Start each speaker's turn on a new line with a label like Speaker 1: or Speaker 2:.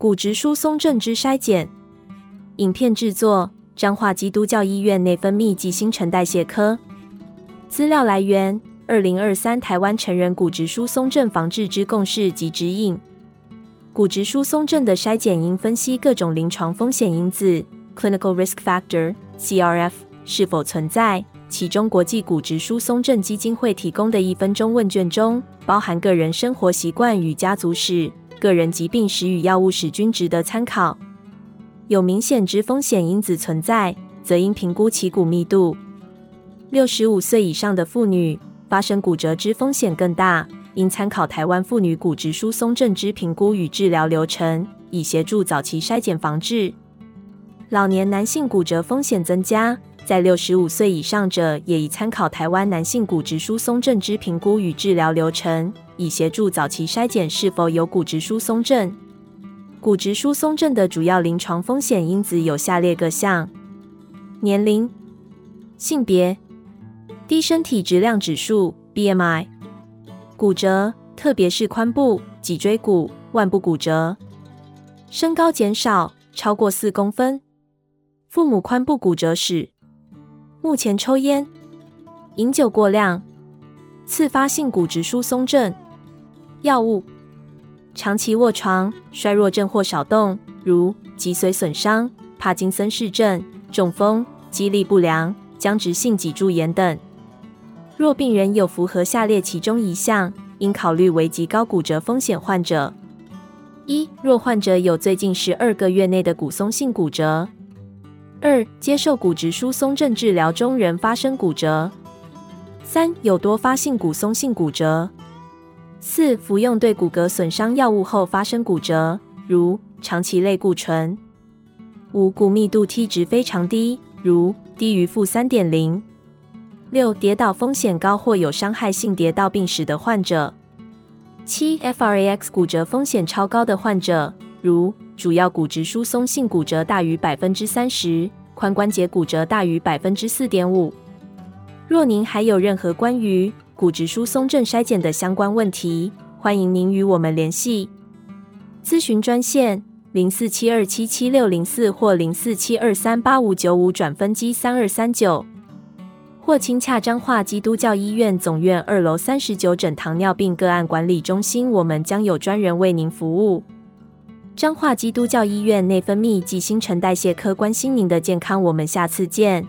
Speaker 1: 骨質疏鬆症之篩檢，影片製作彰化基督教醫院內分泌暨新陳代謝科。資料來源：二零二三台灣成人骨質疏鬆症防治之共識及指引。骨質疏鬆症的篩檢應分析各種臨床風險因子 （Clinical Risk Factor, CRF） 是否存在，其中國際骨質疏鬆症基金會提供的一分鐘問卷中，包含個人生活習慣與家族史。個人疾病史與藥物史均值得參考。有明顯之風險因子存在，則應評估其骨密度。六十五歲以上的婦女發生骨折之風險更大，應參考台灣婦女骨質疏鬆症之評估與治療流程，以協助早期篩檢防治。老年男性骨折風險增加，在六十五歲以上者也宜參考台灣男性骨質疏鬆症之評估與治療流程。以協助早期篩檢是否有骨質疏鬆症。骨質疏鬆症的主要臨床風險因子有下列各項：年齡、性別、低身體質量指數 （BMI）、骨折，特別是髖部、脊椎骨、腕部骨折；身高減少超過四公分；父母髖部骨折史；目前抽菸、飲酒過量、次發性骨質疏鬆症。藥物、長期臥床、衰弱症或少動，如脊髓損傷、帕金森氏症、中風、肌力不良、僵直性脊柱炎等。若病人有符合下列其中一項，應考慮為極高骨折風險患者：一、若患者有最近十二個月內的骨鬆性骨折；二、接受骨質疏鬆症治療中仍发生骨折；三、有多發性骨鬆性骨折。四、服用對骨骼損傷藥物後發生骨折，如長期類固醇。五、骨密度 T 值非常低，如低於負三點零。六、跌倒風險高或有傷害性跌倒病史的患者。七、FRAX 骨折風險超高的患者，如主要骨質疏鬆性骨折大於百分之三十，髖關節骨折大於百分之四點五。若您還有任何關於，骨質疏鬆症篩檢的相關問題，歡迎您與我們聯繫。諮詢專線：零四七二七七六零四或零四七二三八五九五轉分機三二三九，或親洽彰化基督教醫院總院二樓三十九診糖尿病個案管理中心，我們將有專人為您服務。彰化基督教醫院內分泌暨新陳代謝科關心您的健康，我們下次見。